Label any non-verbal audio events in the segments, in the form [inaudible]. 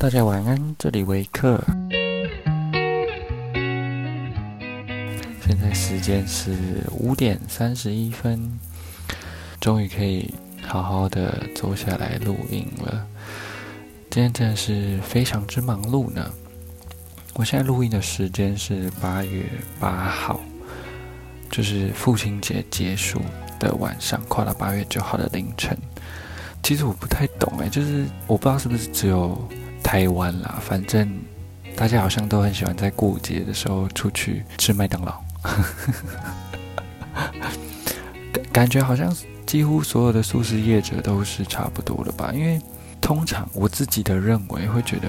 大家晚安，這裡維克。現在時間是五點三十一分，終於可以好好的坐下來錄音了。今天真的是非常之忙碌呢。我現在錄音的時間是八月八號，就是父親節結束的晚上，跨到八月九號的凌晨。其實我不太懂誒，就是我不知道是不是只有。台灣啦，反正大家好像都很喜歡在過節的時候出去吃麥當勞，感感覺好像幾乎所有的速食業者都是差不多的吧？因為通常我自己的認為會覺得，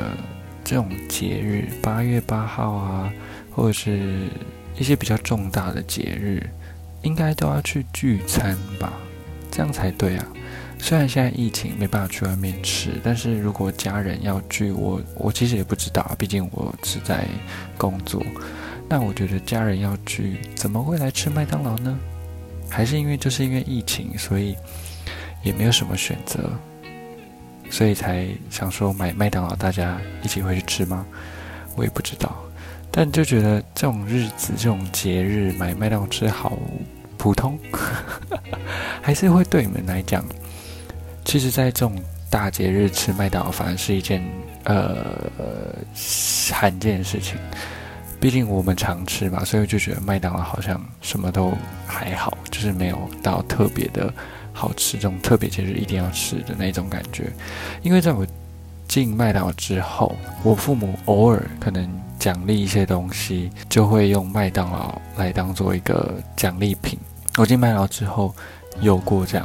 這種節日八月八號啊，或者是一些比較重大的節日，應該都要去聚餐吧，這樣才對啊。雖然現在疫情沒辦法去外面吃，但是如果家人要聚，我我其實也不知道，畢竟我是在工作。那我覺得家人要聚，怎麼會來吃麥當勞呢？還是因為就是因為疫情，所以也沒有什麼選擇，所以才想說買麥當勞大家一起回去吃嗎？我也不知道，但就覺得這種日子、這種節日買麥當勞吃好普通， [laughs] 還是會對你們來講？其實，在這種大節日吃麥當勞，反而是一件呃罕見的事情。畢竟我們常吃嘛，所以就覺得麥當勞好像什麼都還好，就是沒有到特別的好吃，這種特別節日一定要吃的那種感覺。因為在我進麥當勞之後，我父母偶爾可能獎勵一些東西，就會用麥當勞來當做一個獎勵品。我進麥當勞之後有過這樣。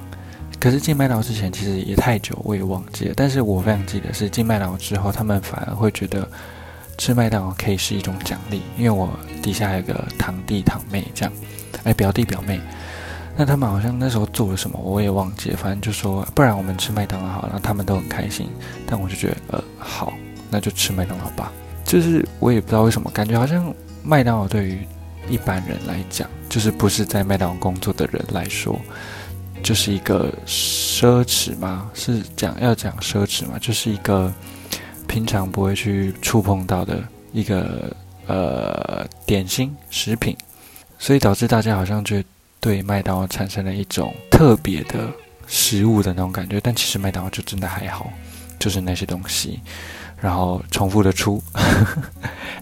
可是進麥當勞之前，其實也太久我也忘記了。但是我非常記得是進麥當勞之後，他們反而會覺得吃麥當勞可以是一種獎勵，因為我底下還有個堂弟堂妹這樣，哎表弟表妹，那他們好像那時候做了什麼，我也忘記了。反正就說不然我們吃麥當勞好了，他們都很開心。但我就覺得呃好，那就吃麥當勞吧。就是我也不知道為什麼，感覺好像麥當勞對於一般人來講，就是不是在麥當勞工作的人來說。就是一個奢侈嘛，是講要講奢侈嘛，就是一個平常不會去觸碰到的一個呃點心食品，所以導致大家好像就對麥當勞產生了一種特別的食物的那種感覺，但其實麥當勞就真的還好，就是那些東西，然後重複的出，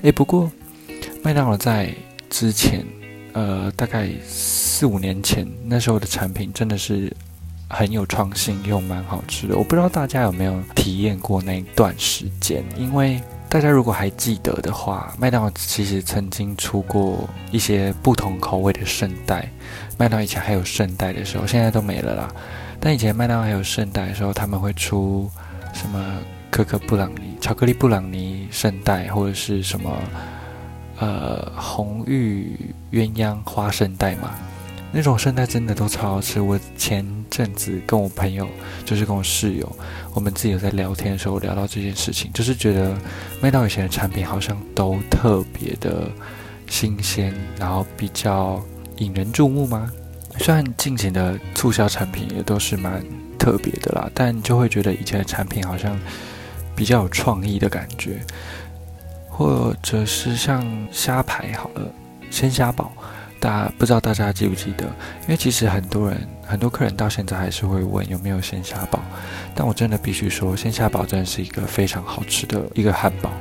哎， [laughs] 不過麥當勞在之前呃大概。四五年前，那時候的產品真的是很有創新又蠻好吃的。我不知道大家有沒有體驗過那一段時間，因為大家如果還記得的話，麥當勞其實曾經出過一些不同口味的聖代。麥當勞以前還有聖代的時候，現在都沒了啦。但以前麥當勞還有聖代的時候，他們會出什麼可可布朗尼、巧克力布朗尼聖代，或者是什麼呃紅玉鴛鴦花聖代嘛。那種聖代真的都超好吃。我前陣子跟我朋友，就是跟我室友，我們自己有在聊天的時候聊到這件事情，就是覺得麥當勞以前的產品好像都特別的新鮮，然後比較引人注目嗎？雖然近幾年的促銷產品也都是蠻特別的啦，但就會覺得以前的產品好像比較有創意的感覺，或者是像蝦排好了，鮮蝦堡。大家不知道大家記不記得，因為其實很多人，很多客人到現在還是會問有沒有鮮蝦堡，但我真的必須說，鮮蝦堡真的是一個非常好吃的一個漢堡，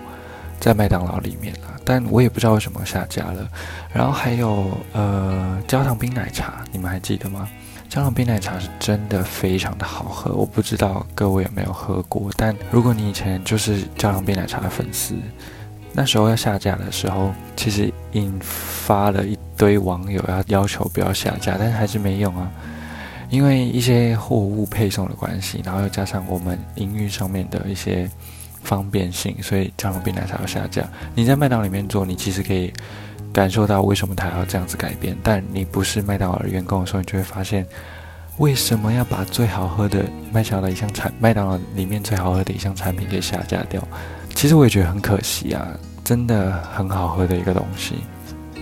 在麥當勞裡面啊。但我也不知道為什麼下架了。然後還有呃焦糖冰奶茶，你們還記得嗎？焦糖冰奶茶是真的非常的好喝，我不知道各位有沒有喝過。但如果你以前就是焦糖冰奶茶的粉絲，那時候要下架的時候，其實引發了一。對網友要要求不要下架，但是還是沒用啊，因為一些貨物配送的關係，然後又加上我們營運上面的一些方便性，所以加濃冰奶茶要下架。你在麥當勞裡面做，你其實可以感受到為什麼它要這樣子改變，但你不是麥當勞的員工的時候，你就會發現為什麼要把最好喝的麥當勞的一項產，麥當勞裡面最好喝的一項產品給下架掉。其實我也覺得很可惜啊，真的很好喝的一個東西。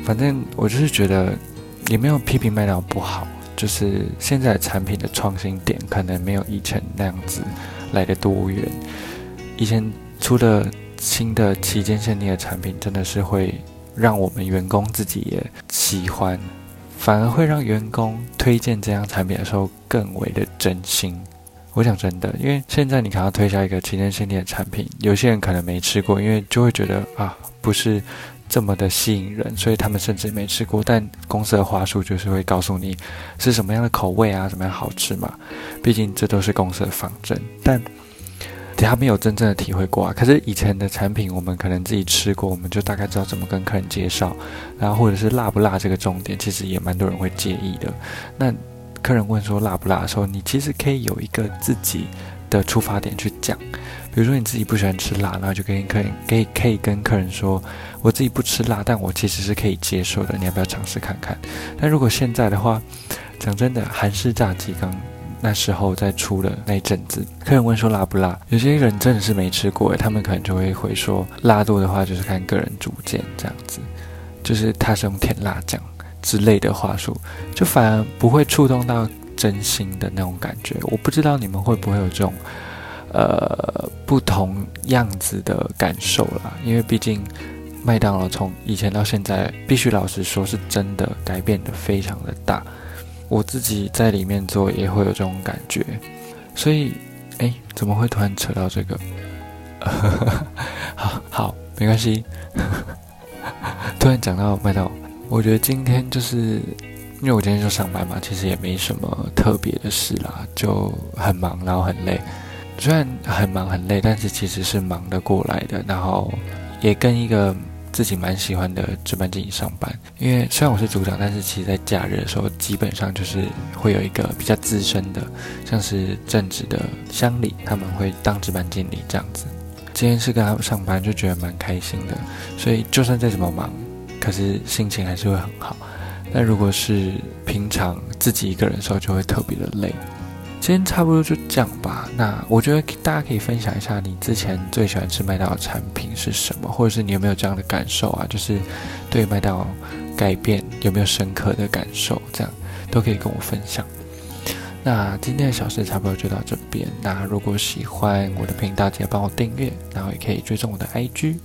反正我就是覺得，也沒有批評麥當勞不好，就是現在產品的創新點可能沒有以前那樣子來得多元。以前出的新的期間限定的產品，真的是會讓我們員工自己也喜歡，反而會讓員工推薦這樣產品的時候更為的真心。我講真的，因為現在你看要推銷一個期間限定的產品，有些人可能沒吃過，因為就會覺得啊，不是。這麼的吸引人，所以他們甚至沒吃過，但公司的話術就是會告訴你是什麼樣的口味啊，怎麼樣好吃嘛。畢竟這都是公司的方針，但他沒有真正的體會過啊。可是以前的產品我們可能自己吃過，我們就大概知道怎麼跟客人介紹，然後或者是辣不辣這個重點，其實也蠻多人會介意的。那客人問說辣不辣的時候，你其實可以有一個自己的出發點去講。比如說你自己不喜歡吃辣，那就跟客人可以可以跟客人說，我自己不吃辣，但我其實是可以接受的。你要不要嘗試看看？但如果現在的話，講真的，韓式炸雞剛那時候在出的那一陣子，客人問說辣不辣，有些人真的是沒吃過，哎，他們可能就會回說，辣度的話就是看個人主見這樣子，就是他是用甜辣醬之類的話術，就反而不會觸動到真心的那種感覺。我不知道你們會不會有這種。呃，不同樣子的感受啦，因為畢竟麥當勞從以前到現在，必須老實說是真的改變得非常的大。我自己在裡面做也會有這種感覺，所以哎，怎麼會突然扯到這個？ [laughs] 好，好，沒關係。 [laughs] 突然講到麥當勞，我覺得今天就是因為我今天就上班嘛，其實也沒什麼特別的事啦，就很忙，然後很累。雖然很忙很累，但是其實是忙得過來的。然後也跟一個自己蠻喜歡的值班經理上班，因為雖然我是組長，但是其實在假日的時候基本上就是會有一個比較資深的，像是正職的鄉里他們會當值班經理這樣子。今天是跟他上班就覺得蠻開心的，所以就算再怎麼忙，可是心情還是會很好。但如果是平常自己一個人的時候，就會特別的累。今天差不多就這樣吧。那我覺得大家可以分享一下你之前最喜歡吃麥當勞產品是什麼，或者是你有沒有這樣的感受啊？就是對麥當勞改變有沒有深刻的感受，這樣都可以跟我分享。那今天的小事差不多就到這邊。那如果喜歡我的頻道，記得幫我訂閱，然後也可以追蹤我的 IG。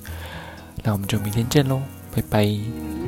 那我們就明天見嘍，拜拜。